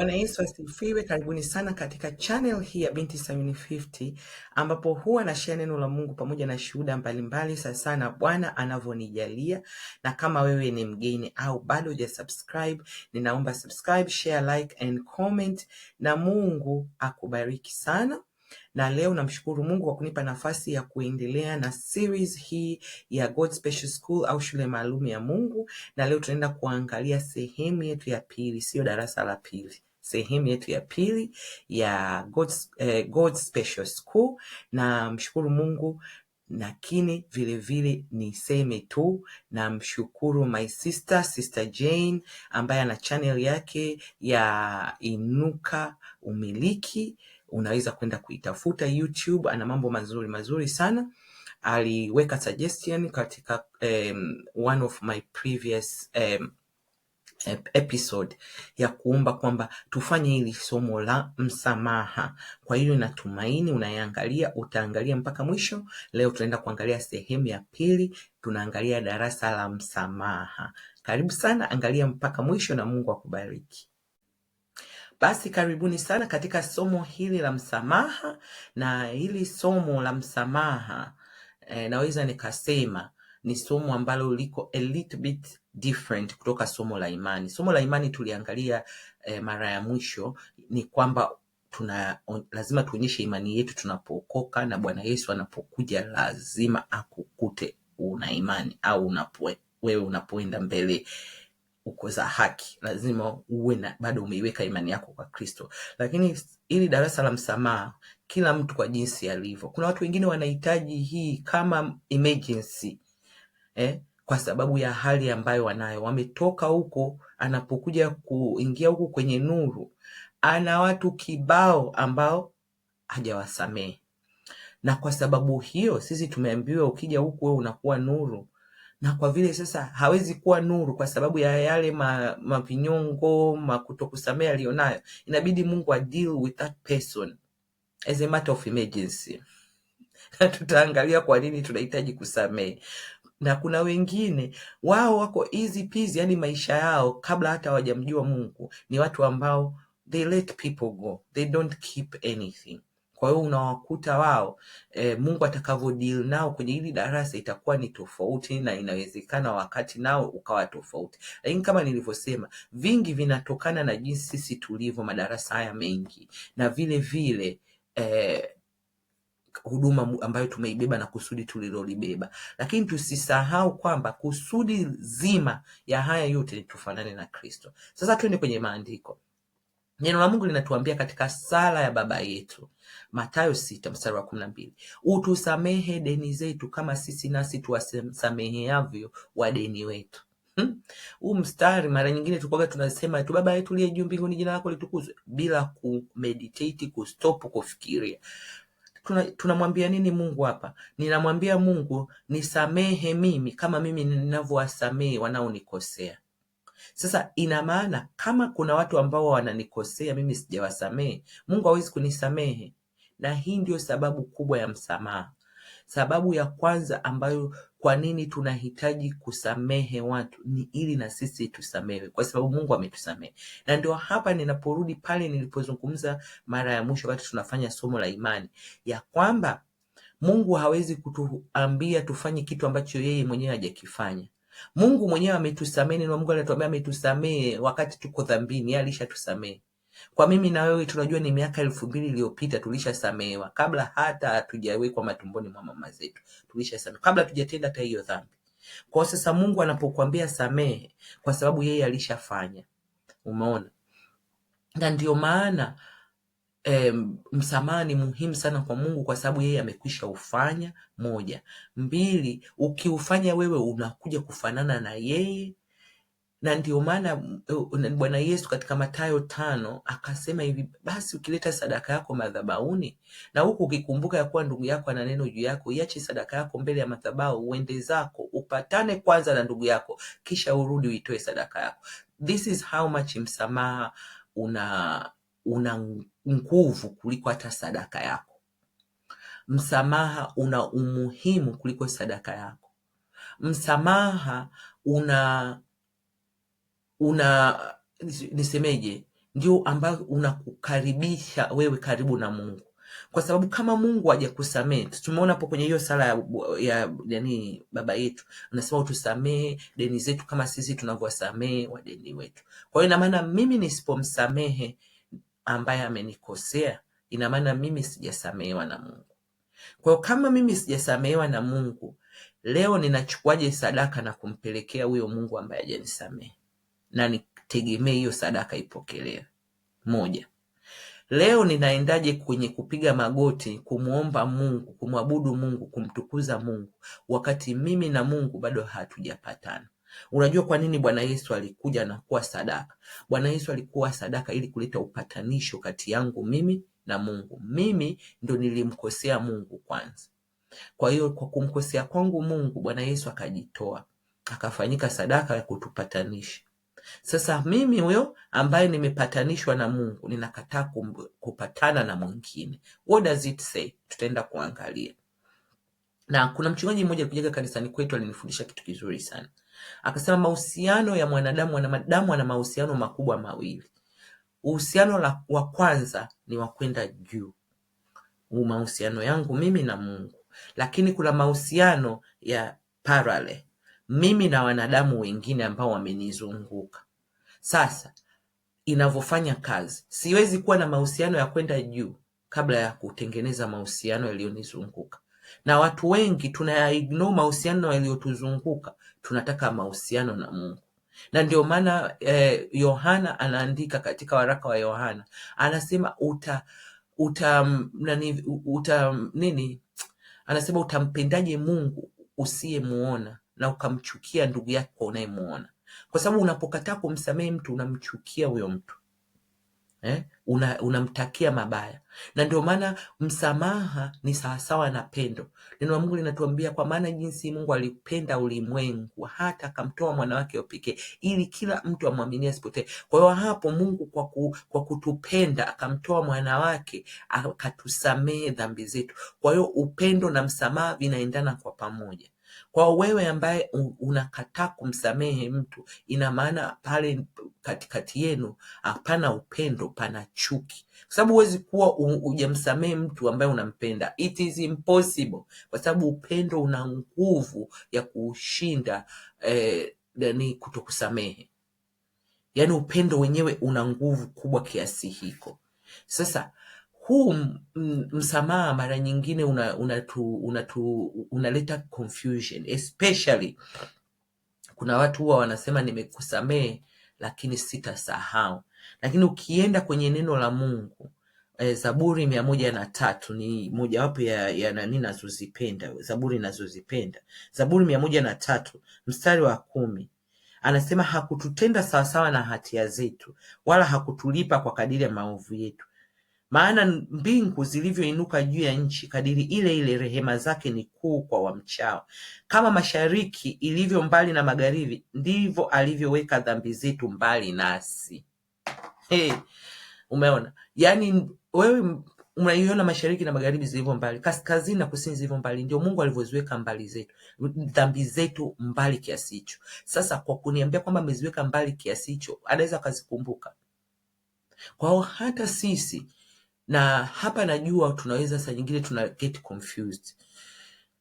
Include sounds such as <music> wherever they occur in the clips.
Bwana Yesu asifiwe. Karibuni sana katika channel hii ya Binti Sayuni 50 ambapo huwa na share neno la Mungu pamoja na shuhuda mbalimbali, sasa na Bwana anavyonijalia. Na kama wewe ni mgeni au bado hujasubscribe, ninaomba subscribe, share, like and comment, na Mungu akubariki sana na leo namshukuru Mungu kwa kunipa nafasi ya kuendelea na series hii ya God Special School au shule maalum ya Mungu, na leo tunaenda kuangalia sehemu yetu ya pili, siyo darasa la pili sehemu yetu ya pili ya God's, eh, God's Special School. Na mshukuru Mungu, lakini vilevile niseme tu na mshukuru my sister sister Jane ambaye ana channel yake ya Inuka Umiliki, unaweza kwenda kuitafuta YouTube, ana mambo mazuri mazuri sana aliweka suggestion katika um, one of my previous um, episode ya kuomba kwamba tufanye hili somo la msamaha. Kwa hiyo natumaini unayeangalia utaangalia mpaka mwisho. Leo tunaenda kuangalia sehemu ya pili, tunaangalia darasa la msamaha. Karibu sana, angalia mpaka mwisho na Mungu akubariki. Basi karibuni sana katika somo hili la msamaha, na hili somo la msamaha eh, naweza nikasema ni somo ambalo liko a little bit different kutoka somo la imani. Somo la imani tuliangalia eh, mara ya mwisho ni kwamba tuna lazima tuonyeshe imani yetu tunapookoka, na Bwana Yesu anapokuja lazima akukute una imani au wewe unapoenda mbele uko za haki, lazima uwe na bado umeiweka imani yako kwa Kristo. Lakini ili darasa la msamaha, kila mtu kwa jinsi alivyo. Kuna watu wengine wanahitaji hii kama emergency eh, kwa sababu ya hali ambayo wanayo wametoka huko anapokuja kuingia huku kwenye nuru ana watu kibao ambao hajawasamehe na kwa sababu hiyo sisi tumeambiwa ukija huku wewe unakuwa nuru na kwa vile sasa hawezi kuwa nuru kwa sababu ya yale ma, mavinyongo makutokusamea aliyonayo, inabidi Mungu a deal with that person as a matter of emergency. Na <laughs> tutaangalia kwa nini tunahitaji kusamehe na kuna wengine wao wako easy peasy, yani maisha yao kabla hata hawajamjua Mungu ni watu ambao they let people go, they don't keep anything. Kwa hiyo unawakuta wao e, Mungu atakavyo deal nao kwenye hili darasa itakuwa ni tofauti, na inawezekana wakati nao ukawa tofauti, lakini kama nilivyosema, vingi vinatokana na jinsi sisi tulivyo madarasa haya mengi na vile vile e, huduma ambayo tumeibeba na kusudi tulilolibeba, lakini tusisahau kwamba kusudi zima ya haya yote ni tufanane na Kristo. Sasa twende kwenye maandiko. Neno la Mungu linatuambia katika sala ya Baba yetu Mathayo sita mstari wa kumi na mbili utusamehe deni zetu kama sisi nasi tuwasameheavyo wadeni wetu. Hmm? Huu hmm, mstari mara nyingine tukoga tunasema tu Baba yetu uliye juu mbinguni, jina lako litukuzwe, bila kumeditate kustop kufikiria tunamwambia nini Mungu hapa? Ninamwambia Mungu nisamehe mimi kama mimi ninavyowasamehe wanaonikosea. Sasa ina maana kama kuna watu ambao wananikosea mimi sijawasamehe, Mungu hawezi kunisamehe. Na hii ndio sababu kubwa ya msamaha. Sababu ya kwanza ambayo kwa nini tunahitaji kusamehe watu? Ni ili na sisi tusamehe, kwa sababu Mungu ametusamehe. Na ndio hapa ninaporudi pale nilipozungumza mara ya mwisho wakati tunafanya somo la imani ya kwamba Mungu hawezi kutuambia tufanye kitu ambacho yeye mwenyewe hajakifanya. Mungu mwenyewe ametusamehe, na Mungu anatuambia ametusamehe wakati tuko dhambini, alishatusamehe. Kwa mimi na wewe tunajua ni miaka elfu mbili iliyopita tulishasamehewa, kabla hata hatujawekwa matumboni mwa mama zetu tulishasamehewa, kabla hatujatenda hata hiyo dhambi. Kwa sasa Mungu anapokuambia samehe, kwa sababu yeye alishafanya. Umeona? Na ndio maana E, msamaha ni muhimu sana kwa Mungu kwa sababu yeye amekwisha ufanya. Moja, mbili, ukiufanya wewe unakuja kufanana na yeye na ndio maana Bwana Yesu katika matayo tano akasema hivi, basi ukileta sadaka yako madhabauni na huku ukikumbuka ya kuwa ndugu yako ana neno juu yako, iache sadaka yako mbele ya madhabahu, uende zako, upatane kwanza na ndugu yako, kisha urudi uitoe sadaka yako. This is how much msamaha una una nguvu kuliko hata sadaka yako. Msamaha una umuhimu kuliko sadaka yako. Msamaha una una nisemeje, ndio ambao unakukaribisha wewe karibu na Mungu, kwa sababu kama Mungu hajakusamehe, tumeona hapo kwenye hiyo sala ya, ya yani baba yetu anasema utusamehe deni zetu kama sisi tunavyowasamehe wadeni wetu. Kwa hiyo ina maana mimi nisipomsamehe ambaye amenikosea, ina maana mimi sijasamehewa na Mungu. Kwa kama mimi sijasamehewa na Mungu, leo ninachukuaje sadaka na kumpelekea huyo Mungu ambaye hajanisamehe? na nitegemee hiyo sadaka ipokelewe. Moja, leo ninaendaje kwenye kupiga magoti kumwomba Mungu, kumwabudu Mungu, kumtukuza Mungu wakati mimi na Mungu bado hatujapatana? Unajua kwa nini Bwana Yesu alikuja na kuwa sadaka? Bwana Yesu alikuwa sadaka ili kuleta upatanisho kati yangu mimi na Mungu. Mimi ndo nilimkosea Mungu kwanza. Kwa hiyo kwa kumkosea kwangu Mungu, Bwana Yesu akajitoa, akafanyika sadaka ya kutupatanisha. Sasa mimi huyo ambaye nimepatanishwa na Mungu ninakataa kupatana na mwingine. What does it say? Tutaenda kuangalia. Na kuna mchungaji mmoja kujaga kanisani kwetu alinifundisha kitu kizuri sana. Akasema mahusiano ya mwanadamu, madamu ana mahusiano makubwa mawili. Uhusiano wa kwanza ni wa kwenda juu, mahusiano yangu mimi na Mungu, lakini kuna mahusiano ya parallel mimi na wanadamu wengine ambao wamenizunguka. Sasa inavyofanya kazi, siwezi kuwa na mahusiano ya kwenda juu kabla ya kutengeneza mahusiano yaliyonizunguka, na watu wengi tunaignore mahusiano yaliyotuzunguka, tunataka mahusiano na Mungu na ndio maana eh, Yohana eh, anaandika katika waraka wa Yohana anasema uta, uta, nani, uta nini anasema utampendaje Mungu usiyemuona na ukamchukia ndugu yako unayemuona, kwa sababu unapokataa kumsamehe mtu unamchukia huyo mtu eh? Una, Unamtakia mabaya, na ndio maana msamaha ni sawasawa na pendo. Neno la Mungu linatuambia, kwa maana jinsi Mungu alipenda ulimwengu hata akamtoa mwanawake wake wa pekee, ili kila mtu amwaminie asipotee. Kwa hiyo hapo Mungu kwa, ku, kwa kutupenda akamtoa mwanawake akatusamehe dhambi zetu. Kwa hiyo upendo na msamaha vinaendana kwa pamoja. Kwa wewe ambaye unakataa kumsamehe mtu, ina maana pale katikati yenu hapana upendo, pana chuki, kwa sababu huwezi kuwa hujamsamehe mtu ambaye unampenda. It is impossible, kwa sababu upendo una nguvu ya kuushinda eh, ni kutokusamehe. yani upendo wenyewe una nguvu kubwa kiasi hiko. Sasa huu msamaha mara nyingine una, una una confusion especially kuna watu huwa wanasema nimekusamehe, lakini sitasahau. Lakini ukienda kwenye neno la Mungu e, Zaburi mia moja na tatu ni mojawapo ya, ya nani nazozipenda Zaburi nazozipenda Zaburi mia moja na tatu mstari wa kumi anasema hakututenda sawasawa na hatia zetu, wala hakutulipa kwa kadiri ya maovu yetu, maana mbingu zilivyoinuka juu ya nchi, kadiri ile ile rehema zake ni kuu kwa wamchao. Kama mashariki ilivyo mbali na magharibi, ndivyo alivyoweka dhambi zetu mbali nasi. Hey, umeona? Yaani wewe unaiona mashariki na magharibi zilivyo mbali, kaskazini na kusini zilivyo mbali, ndio Mungu alivyoziweka mbali zetu dhambi zetu mbali kiasi hicho. Sasa kwa kuniambia kwamba ameziweka mbali kiasi hicho, anaweza akazikumbuka. Kwa hata sisi na hapa najua tunaweza saa nyingine tuna get confused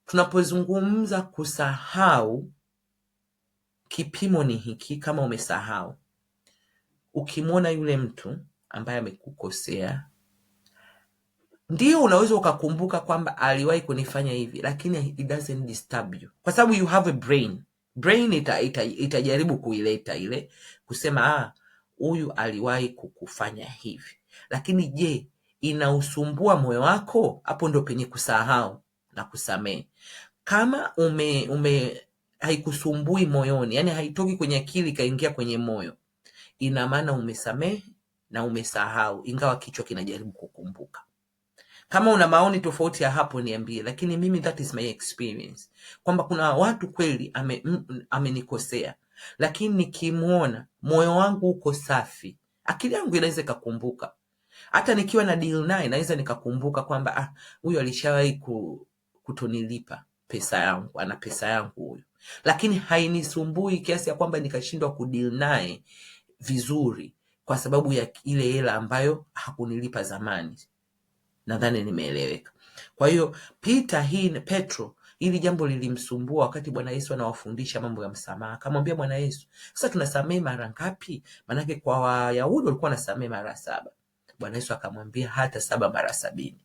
tunapozungumza kusahau. Kipimo ni hiki, kama umesahau, ukimwona yule mtu ambaye amekukosea ndio unaweza ukakumbuka kwamba aliwahi kunifanya hivi, lakini it doesn't disturb you, kwa sababu you have a brain. Brain ita, ita, itajaribu kuileta ile kusema ah, huyu aliwahi kukufanya hivi, lakini je, inausumbua moyo wako, hapo ndo penye kusahau na kusamehe. Kama ume, ume haikusumbui moyoni, yani haitoki kwenye akili ikaingia kwenye moyo, ina maana umesamehe na umesahau, ingawa kichwa kinajaribu kukumbuka. Kama una maoni tofauti ya hapo niambie, lakini mimi that is my experience kwamba kuna watu kweli amenikosea, ame lakini nikimwona moyo wangu uko safi, akili yangu inaweza ikakumbuka, hata nikiwa na deal naye naweza nikakumbuka kwamba ah, huyu alishawahi kutonilipa pesa yangu, ana pesa yangu huyu, lakini hainisumbui kiasi ya kwamba nikashindwa kudeal naye vizuri kwa sababu ya ile hela ambayo hakunilipa zamani. Nadhani nimeeleweka. Kwa hiyo Peter hii Petro ili jambo lilimsumbua wakati Bwana Yesu anawafundisha mambo ya msamaha. Akamwambia Bwana Yesu, sasa tunasamehe mara ngapi? Maanake kwa Wayahudi walikuwa wanasamehe mara saba, Bwana Yesu akamwambia hata saba mara sabini.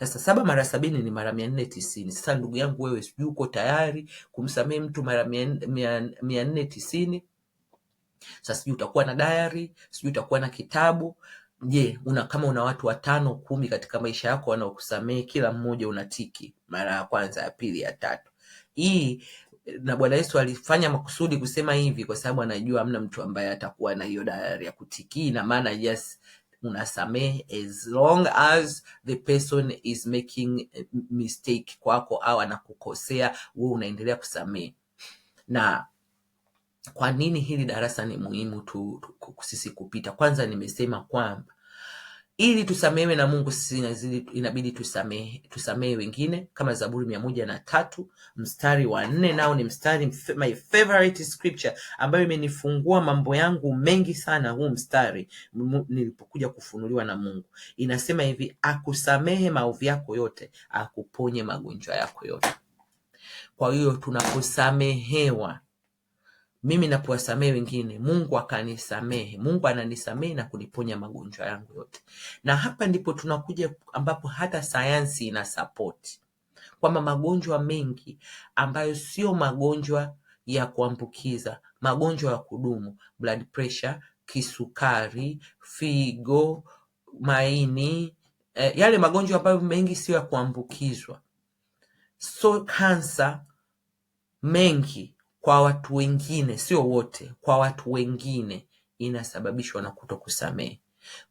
Sasa saba mara sabini ni mara mia nne tisini. Sasa ndugu yangu wewe, sijui uko tayari kumsamehe mtu mara mia nne tisini? Sasa sijui utakuwa na diary, sijui utakuwa na kitabu. Je, una kama una watu watano kumi katika maisha yako wanaokusamehe, kila mmoja unatiki mara ya kwanza, ya pili, ya tatu. Hii na Bwana Yesu alifanya makusudi kusema hivi kwa sababu anajua hamna mtu ambaye atakuwa na hiyo diary ya kutiki. na maana yes, unasamehe as long as the person is making mistake kwako au anakukosea, wewe unaendelea kusamehe. Na kwa nini hili darasa ni muhimu tu, tu sisi kupita? Kwanza nimesema kwamba ili tusamehewe na Mungu sisi inazidi, inabidi tusamehe tusamehe wengine kama Zaburi mia moja na tatu mstari wa nne nao ni mstari my favorite scripture ambayo imenifungua mambo yangu mengi sana. Huu mstari nilipokuja kufunuliwa na Mungu inasema hivi, akusamehe maovu yako yote, akuponye magonjwa yako yote. Kwa hiyo tunaposamehewa mimi napowasamehe wengine, Mungu akanisamehe. Mungu ananisamehe na kuniponya magonjwa yangu yote. Na hapa ndipo tunakuja ambapo hata sayansi ina sapoti kwamba magonjwa mengi ambayo sio magonjwa ya kuambukiza, magonjwa ya kudumu, blood pressure, kisukari, figo, maini, eh, yale magonjwa ambayo mengi sio ya kuambukizwa, so kansa mengi kwa watu wengine, sio wote, kwa watu wengine inasababishwa na kutokusamehe.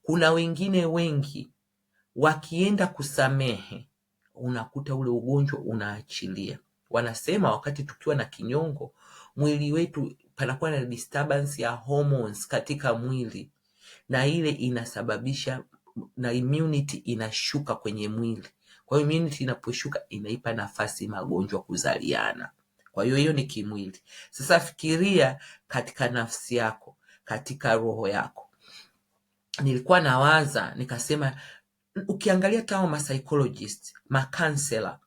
Kuna wengine wengi wakienda kusamehe, unakuta ule ugonjwa unaachilia. Wanasema wakati tukiwa na kinyongo, mwili wetu panakuwa na disturbance ya hormones katika mwili, na ile inasababisha na immunity inashuka kwenye mwili. Kwa hiyo immunity inaposhuka, inaipa nafasi magonjwa kuzaliana. Kwa hiyo hiyo ni kimwili. Sasa fikiria katika nafsi yako, katika roho yako. Nilikuwa nawaza nikasema, ukiangalia tawa ma psychologist, ma counselor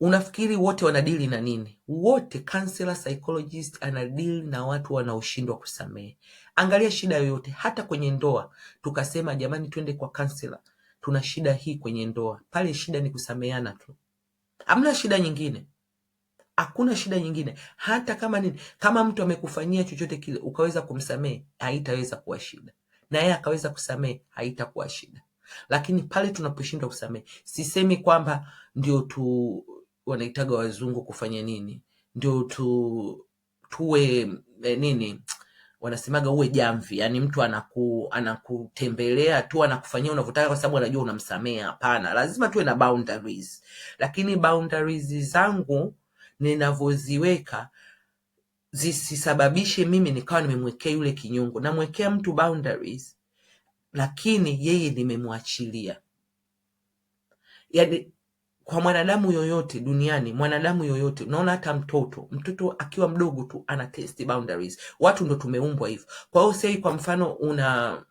unafikiri wote wanadili na nini? Wote counselor, psychologist anadili na watu wanaoshindwa kusamehe. Angalia shida yoyote, hata kwenye ndoa. Tukasema jamani, twende kwa counselor, tuna shida hii kwenye ndoa. Pale shida ni kusameheana tu, hamna shida nyingine hakuna shida nyingine. Hata kama nini, kama mtu amekufanyia chochote kile ukaweza kumsamehe, haitaweza kuwa shida, na yeye akaweza kusamehe, haitakuwa shida. Lakini pale tunaposhindwa kusamehe, sisemi kwamba ndio tu wanaitaga wazungu kufanya nini, ndio tu tuwe eh, nini wanasemaga uwe jamvi, yani mtu anaku, anakutembelea tu anakufanyia unavyotaka kwa sababu anajua unamsamea. Hapana, lazima tuwe na boundaries, lakini boundaries zangu ninavyoziweka zisisababishe mimi nikawa nimemwekea yule kinyongo. Namwekea mtu boundaries, lakini yeye nimemwachilia. yani kwa mwanadamu yoyote duniani, mwanadamu yoyote, unaona hata mtoto, mtoto akiwa mdogo tu ana test boundaries. Watu ndo tumeumbwa hivyo. Kwa hiyo sei, kwa mfano una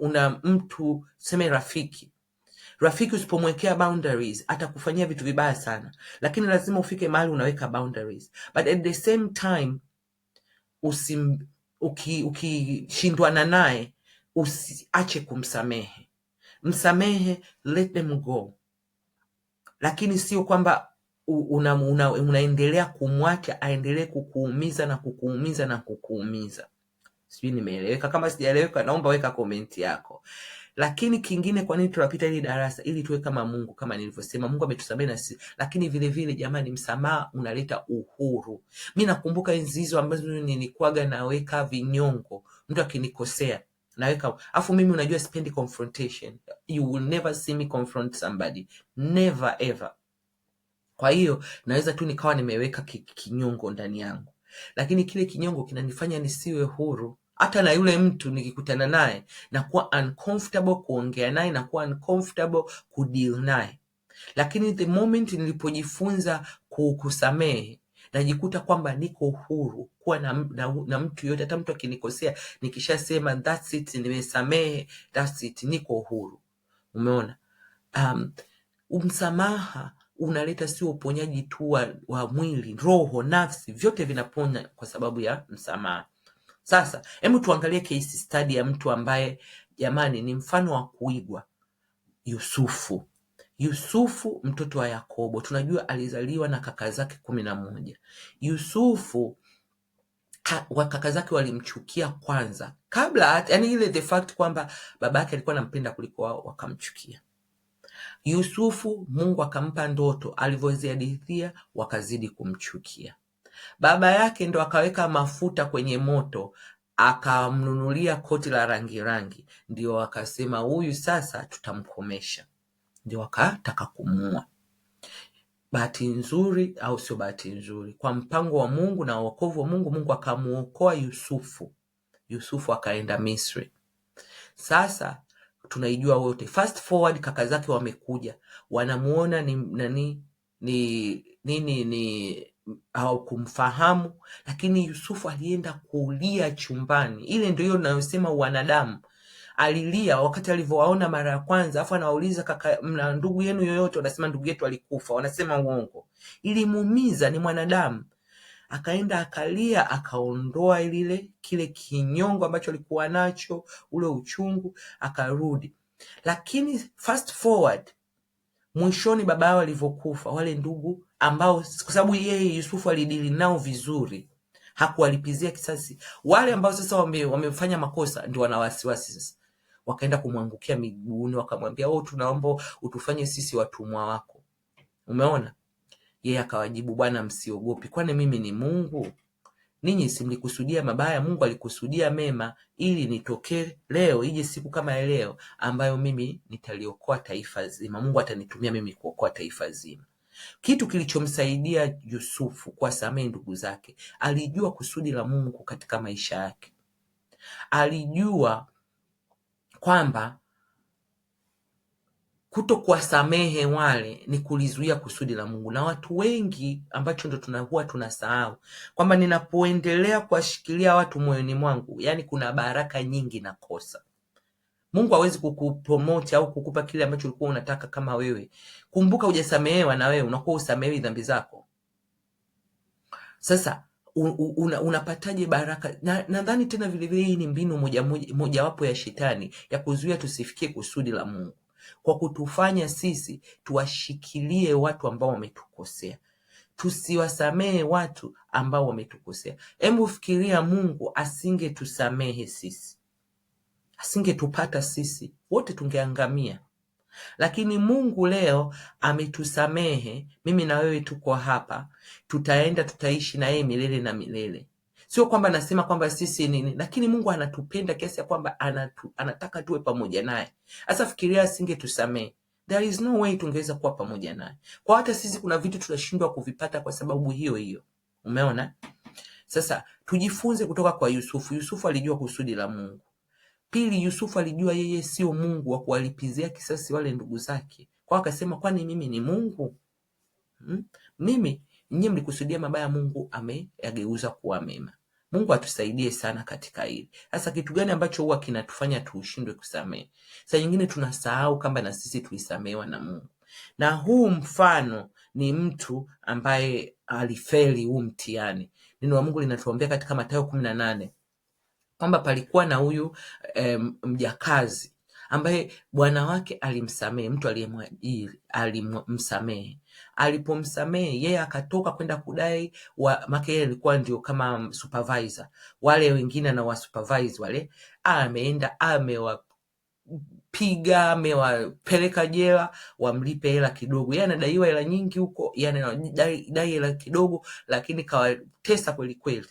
una mtu seme rafiki Rafiki usipomwekea boundaries atakufanyia vitu vibaya sana, lakini lazima ufike mahali unaweka boundaries, but at the same time usim, uki, ukishindwana naye usiache kumsamehe. Msamehe, let them go, lakini sio kwamba una, una, unaendelea kumwacha aendelee kukuumiza na kukuumiza na kukuumiza. Sijui nimeeleweka. Kama sijaeleweka, naomba weka komenti yako. Lakini kingine, kwa nini tunapita hili darasa? Ili tuwe kama Mungu. Kama nilivyosema, Mungu ametusamehe na sisi, lakini vile vile, jamani, msamaha unaleta uhuru. Mimi nakumbuka enzi hizo ambazo nilikuaga naweka vinyongo, mtu akinikosea naweka afu, mimi unajua, sipendi confrontation. You will never see me confront somebody, never ever. Kwa hiyo naweza tu nikawa nimeweka kinyongo ndani yangu, lakini kile kinyongo kinanifanya nisiwe huru hata na yule mtu nikikutana naye nakuwa uncomfortable kuongea naye, kuwa uncomfortable kudeal naye. Lakini the moment nilipojifunza kukusamehe, najikuta kwamba niko uhuru kuwa na, na, na mtu yote, hata mtu akinikosea nikishasema that's it, nimesamehe, that's it, niko uhuru. Umeona, um, msamaha unaleta sio uponyaji tu wa mwili, roho, nafsi, vyote vinaponya kwa sababu ya msamaha. Sasa hebu tuangalie case study ya mtu ambaye jamani ni mfano wa kuigwa, Yusufu. Yusufu mtoto wa Yakobo, tunajua alizaliwa na kaka zake kumi na moja. Yusufu kaka zake walimchukia kwanza, kabla yani ile the fact kwamba babake alikuwa anampenda kuliko wao, wakamchukia Yusufu. Mungu akampa ndoto, alivyoziadithia wakazidi kumchukia. Baba yake ndo akaweka mafuta kwenye moto akamnunulia koti la rangirangi ndio wakasema huyu sasa tutamkomesha ndio wakataka kumua bahati nzuri au sio bahati nzuri kwa mpango wa Mungu na wokovu wa Mungu Mungu akamuokoa Yusufu Yusufu akaenda Misri sasa tunaijua wote fast forward kaka zake wamekuja wanamuona ni nani ni nini ni, ni, ni hawakumfahamu, lakini Yusufu alienda kulia chumbani. Ile ndio hiyo tunayosema wanadamu. Alilia wakati alivyowaona mara ya kwanza, afu anawauliza kaka, mna ndugu yenu yoyote? Wanasema ndugu yetu alikufa, wanasema uongo. Ilimuumiza, ni mwanadamu. Akaenda akalia, akaondoa lile kile kinyongo ambacho alikuwa nacho, ule uchungu, akarudi. Lakini fast forward, mwishoni baba yao alivyokufa, wale ndugu ambao kwa sababu yeye Yusufu alidili nao vizuri, hakuwalipizia kisasi. Wale ambao sasa wamefanya wame, makosa ndio wana wasiwasi sasa, wakaenda kumwangukia miguuni, wakamwambia oh, tunaomba utufanye sisi watumwa wako. Umeona, yeye akawajibu, Bwana msiogopi, kwani mimi ni Mungu? Ninyi simlikusudia mabaya, Mungu alikusudia mema, ili nitokee leo, ije siku kama leo ambayo mimi nitaliokoa taifa zima. Mungu atanitumia mimi kuokoa taifa zima. Kitu kilichomsaidia Yusufu kuwasamehe ndugu zake alijua kusudi la Mungu katika maisha yake. Alijua kwamba kuto kuwasamehe wale ni kulizuia kusudi la Mungu. Na watu wengi ambacho ndo tunakuwa tunasahau kwamba ninapoendelea kuwashikilia watu moyoni mwangu, yani kuna baraka nyingi nakosa. Mungu hawezi kukupromote au kukupa kile ambacho ulikuwa unataka kama wewe. Kumbuka hujasamehewa na wewe unakuwa usamehewi dhambi zako. Sasa una, unapataje baraka? Nadhani na tena vilevile hii ni mbinu mojawapo moja, moja ya shetani ya kuzuia tusifikie kusudi la Mungu kwa kutufanya sisi tuwashikilie watu ambao wametukosea, tusiwasamehe watu ambao wametukosea. Hebu fikiria, Mungu asingetusamehe sisi asingetupata sisi wote tungeangamia, lakini Mungu leo ametusamehe. Mimi na wewe tuko hapa, tutaenda tutaishi na yeye milele na milele. Sio kwamba nasema kwamba sisi nini, lakini Mungu anatupenda kiasi ya kwamba anatu, anataka tuwe pamoja naye. Sasa fikiria asingetusamehe There is no way tungeweza kuwa pamoja naye. Kwa hata sisi kuna vitu tunashindwa kuvipata kwa sababu hiyo hiyo. Umeona? Sasa tujifunze kutoka kwa Yusufu. Yusufu alijua kusudi la Mungu. Pili, Yusufu alijua yeye sio Mungu wa kuwalipizia kisasi wale ndugu zake, kwa akasema kwani mimi ni Mungu? Hmm? Mimi nyinyi mlikusudia mabaya, Mungu ameyageuza kuwa mema. Mungu atusaidie sana katika hili. Sasa kitu gani ambacho huwa kinatufanya tuushindwe kusamehe? Saa nyingine tunasahau kamba na sisi tulisamehewa na Mungu. Na huu mfano ni mtu ambaye alifeli huu mtihani. Neno la Mungu linatuambia katika Mathayo kumi na nane kwamba palikuwa na huyu e, mjakazi ambaye bwana wake alimsamehe, mtu aliyemwajiri alimsamehe. Alipomsamehe yeye akatoka kwenda kudai wa make, alikuwa ndio kama supervisor, wale wengine na wasupervise wale, ameenda amewa piga amewapeleka jela, wamlipe hela kidogo. Yeye anadaiwa hela nyingi huko, yani anadai hela kidogo, lakini kawatesa kweli kweli.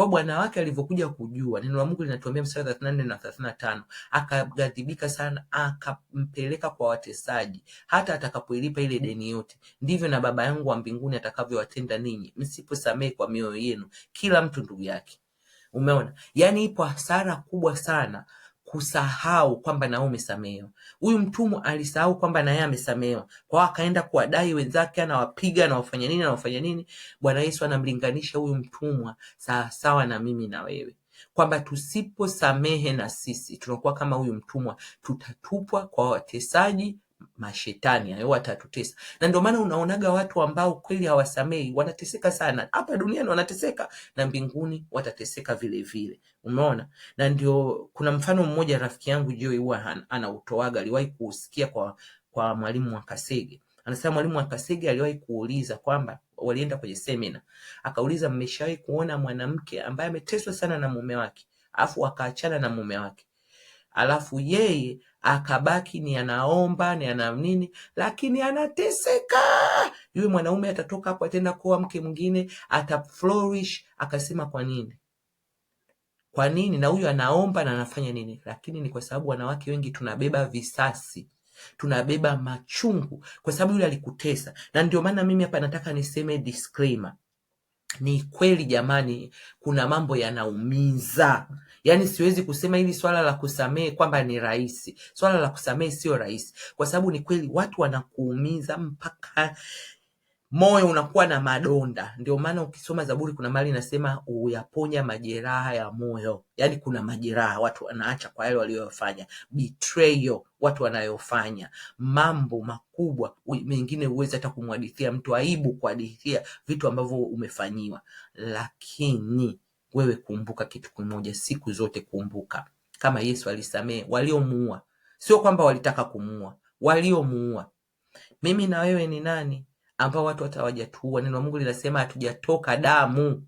Kwa bwana wake alivyokuja kujua neno la Mungu linatuambia mstari wa 34 na 35, akaghadhibika sana, akampeleka kwa watesaji hata atakapoilipa ile deni yote. Ndivyo na Baba yangu wa mbinguni atakavyowatenda ninyi msiposamehe kwa mioyo yenu kila mtu ndugu yake. Umeona, yaani ipo hasara kubwa sana kusahau kwamba nao umesamehewa. Huyu mtumwa alisahau kwamba naye amesamehewa, kwa hiyo akaenda kuwadai wenzake, anawapiga, anawafanya nini, anawafanya nini. Bwana Yesu anamlinganisha huyu mtumwa sawasawa na mimi na wewe, kwamba tusiposamehe na sisi tunakuwa kama huyu mtumwa, tutatupwa kwa watesaji mashetani hayo yaani watatutesa. Na ndio maana unaonaga watu ambao kweli hawasamei wanateseka sana hapa duniani, wanateseka na mbinguni watateseka vile vile, umeona. Na ndio kuna mfano mmoja rafiki yangu Joy huwa anautoaga, aliwahi kuusikia kwa kwa mwalimu wa Kasege. Anasema mwalimu wa Kasege aliwahi kuuliza kwamba walienda kwenye semina, akauliza mmeshawahi kuona mwanamke ambaye ameteswa sana na mume wake afu akaachana na mume wake alafu yeye akabaki ni anaomba ni ana nini, lakini anateseka. Yule mwanaume atatoka hapo, ataenda kuoa mke mwingine, ataflourish. Akasema kwa nini? Kwa nini? Na huyu anaomba na anafanya nini? Lakini ni kwa sababu wanawake wengi tunabeba visasi tunabeba machungu kwa sababu yule alikutesa. Na ndio maana mimi hapa nataka niseme disclaimer. Ni kweli jamani, kuna mambo yanaumiza. Yaani siwezi kusema hili swala la kusamehe kwamba ni rahisi. Swala la kusamehe sio rahisi, kwa sababu ni kweli watu wanakuumiza mpaka moyo unakuwa na madonda. Ndio maana ukisoma Zaburi kuna mahali inasema uyaponya majeraha ya moyo. Yaani kuna majeraha watu wanaacha kwa yale waliyofanya, betrayal watu wanayofanya, mambo makubwa mengine huwezi hata kumhadithia mtu, aibu kuhadithia vitu ambavyo umefanyiwa, lakini wewe kumbuka kitu kimoja siku zote, kumbuka kama Yesu alisamee waliomuua, sio kwamba walitaka kumuua, waliomuua. Mimi na wewe ni nani ambao watu hata hawajatuua? Neno la Mungu linasema hatujatoka damu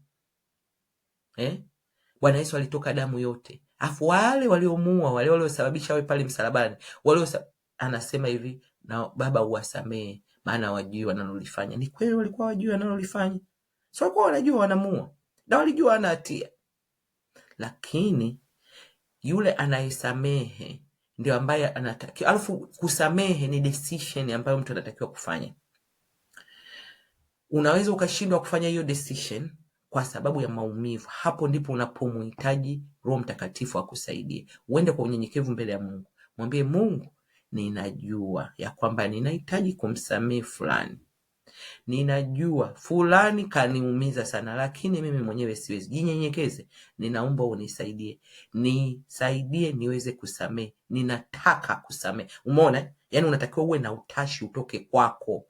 eh? Bwana Yesu alitoka damu yote, afu wale waliomuua, wale waliosababisha awe pale msalabani, walio anasema hivi na Baba uwasamee maana wajui wanalolifanya. Ni kweli walikuwa wajui wanalolifanya, sio kwa wanajua wanamuua na walijua ana hatia, lakini yule anayesamehe ndio ambaye anatakiwa. Alafu kusamehe ni decision ambayo mtu anatakiwa kufanya. Unaweza ukashindwa kufanya hiyo decision kwa sababu ya maumivu. Hapo ndipo unapomhitaji Roho Mtakatifu akusaidie. Uende kwa unyenyekevu mbele ya Mungu, mwambie Mungu, ninajua ya kwamba ninahitaji kumsamehe fulani Ninajua fulani kaniumiza sana lakini mimi mwenyewe siwezi. Jinyenyekeze, ninaomba unisaidie, nisaidie niweze kusamehe, ninataka kusamehe. Umeona, yaani unatakiwa uwe na utashi utoke kwako,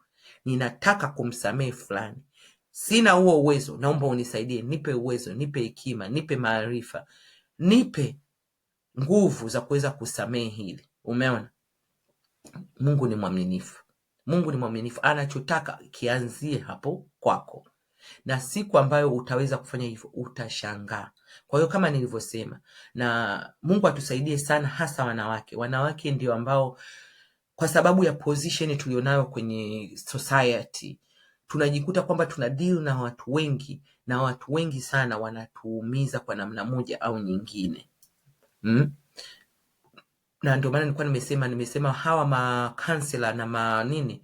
ninataka kumsamehe fulani, sina huo uwezo, naomba unisaidie, nipe uwezo, nipe hekima, nipe maarifa, nipe nguvu za kuweza kusamehe hili. Umeona, Mungu ni mwaminifu. Mungu ni mwaminifu, anachotaka kianzie hapo kwako, na siku ambayo utaweza kufanya hivyo utashangaa. Kwa hiyo kama nilivyosema, na Mungu atusaidie sana, hasa wanawake. Wanawake ndio ambao kwa sababu ya position tulionayo kwenye society tunajikuta kwamba tuna deal na watu wengi, na watu wengi sana wanatuumiza kwa namna moja au nyingine mm? na ndio maana nilikuwa nimesema nimesema hawa makansela na manini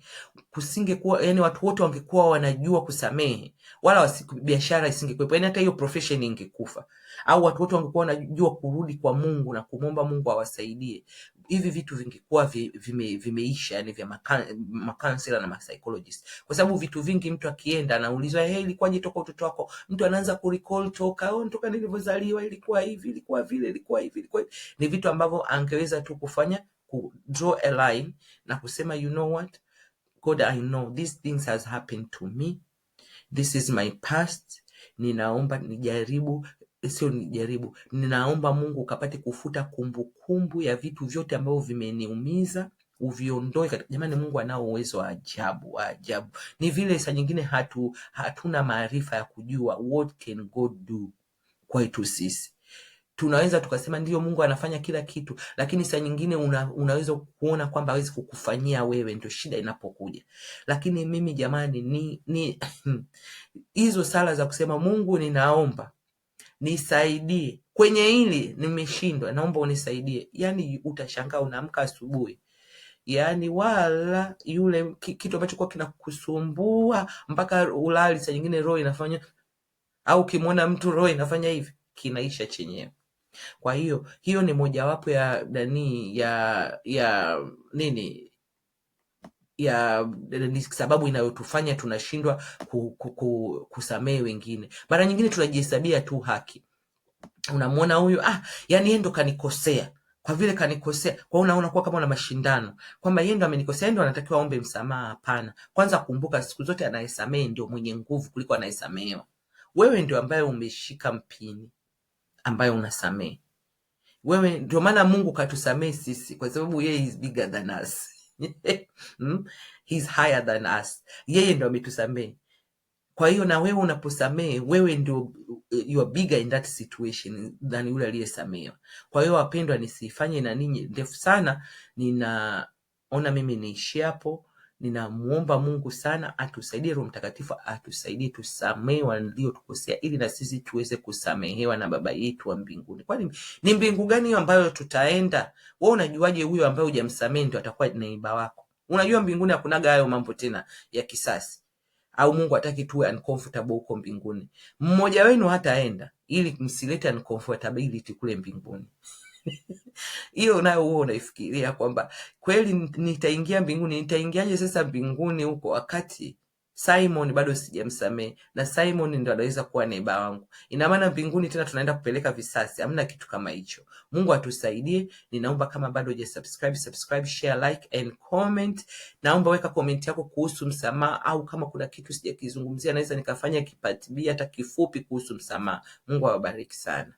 kusingekuwa, yani watu wote wangekuwa wanajua kusamehe, wala wasiku, biashara isingekuwepo, yani hata hiyo profession ingekufa, au watu wote wangekuwa wanajua kurudi kwa Mungu na kumwomba Mungu awasaidie hivi vitu vingekuwa vime, vimeisha yani vya makansela na mapsychologist, kwa sababu vitu vingi mtu akienda anaulizwa, hey, eh, ilikuwaje toka utoto wako? Mtu anaanza recall toka oh, toka nilivyozaliwa ilikuwa hivi, ilikuwa vile, ilikuwa hivi, ilikuwa hivi. Ni vitu ambavyo angeweza tu kufanya ku draw a line na kusema you know what God, I know these things has happened to me, this is my past. Ninaomba nijaribu sio nijaribu, ninaomba Mungu ukapate kufuta kumbukumbu ya vitu vyote ambavyo vimeniumiza uviondoe katika. Jamani, Mungu anao uwezo wa ajabu wa ajabu. Ni vile saa nyingine hatu hatuna maarifa ya kujua what can God do kwetu sisi. Tunaweza tukasema ndiyo, Mungu anafanya kila kitu, lakini saa nyingine una, unaweza kuona kwamba hawezi kukufanyia wewe, ndio shida inapokuja. Lakini mimi jamani, ni ni <clears throat> hizo sala za kusema Mungu ninaomba nisaidie kwenye hili, nimeshindwa, naomba unisaidie. Yani utashangaa unaamka asubuhi yani wala yule kitu ambacho kuwa kinakusumbua mpaka ulali, saa nyingine roho inafanya au ukimwona mtu roho inafanya hivi, kinaisha chenyewe. Kwa hiyo hiyo ni mojawapo ya nani ya ya nini ya eh, ni sababu inayotufanya tunashindwa ku, ku, ku, kusamehe wengine. Mara nyingine tunajihesabia tu haki. Unamwona huyu ah, yani yeye ndo kanikosea kwa vile kanikosea, kwa unaona kuwa kama una mashindano kwamba yeye ndo amenikosea, yeye ndo anatakiwa aombe msamaha. Hapana, kwanza kumbuka, siku zote anayesamehe ndio mwenye nguvu kuliko anayesamehewa. Wewe ndio ambaye umeshika mpini ambaye unasamehe wewe. Ndio maana Mungu katusamehe sisi, kwa sababu yeye is bigger than us. <laughs> Hmm? He's higher than us. Yeye ndo ametusamehe. Kwa hiyo na wewe unaposamehe, wewe ndio uh, you are bigger in that situation than yule aliyesamehewa. Kwa hiyo wapendwa, nisifanye na ninyi ndefu sana, ninaona mimi niishi hapo. Ninamuomba Mungu sana atusaidie, Roho Mtakatifu atusaidie tusamehe waliotukosea, ili na sisi tuweze kusamehewa na Baba yetu wa mbinguni. Kwani ni mbingu gani hiyo ambayo tutaenda? Wewe unajuaje huyo ambaye hujamsamehe ndio atakuwa naiba wako? Unajua mbinguni hakunaga hayo mambo tena ya kisasi, au Mungu hataki tuwe uncomfortable huko mbinguni. Mmoja wenu hataenda, ili msilete uncomfortability kule mbinguni hiyo nayo huo unaifikiria kwamba kweli nitaingia mbinguni. Nitaingiaje sasa mbinguni huko wakati Simon bado sijamsamehe, na Simon ndo anaweza kuwa neba wangu. Ina maana mbinguni tena tunaenda kupeleka visasi? amna kitu kama hicho. Mungu atusaidie. Ninaomba kama bado subscribe, subscribe, share, like and comment. Naomba weka comment yako kuhusu msamaha, au kama kuna kitu sijakizungumzia naweza nikafanya kipatibia hata kifupi kuhusu msamaha. Mungu awabariki sana.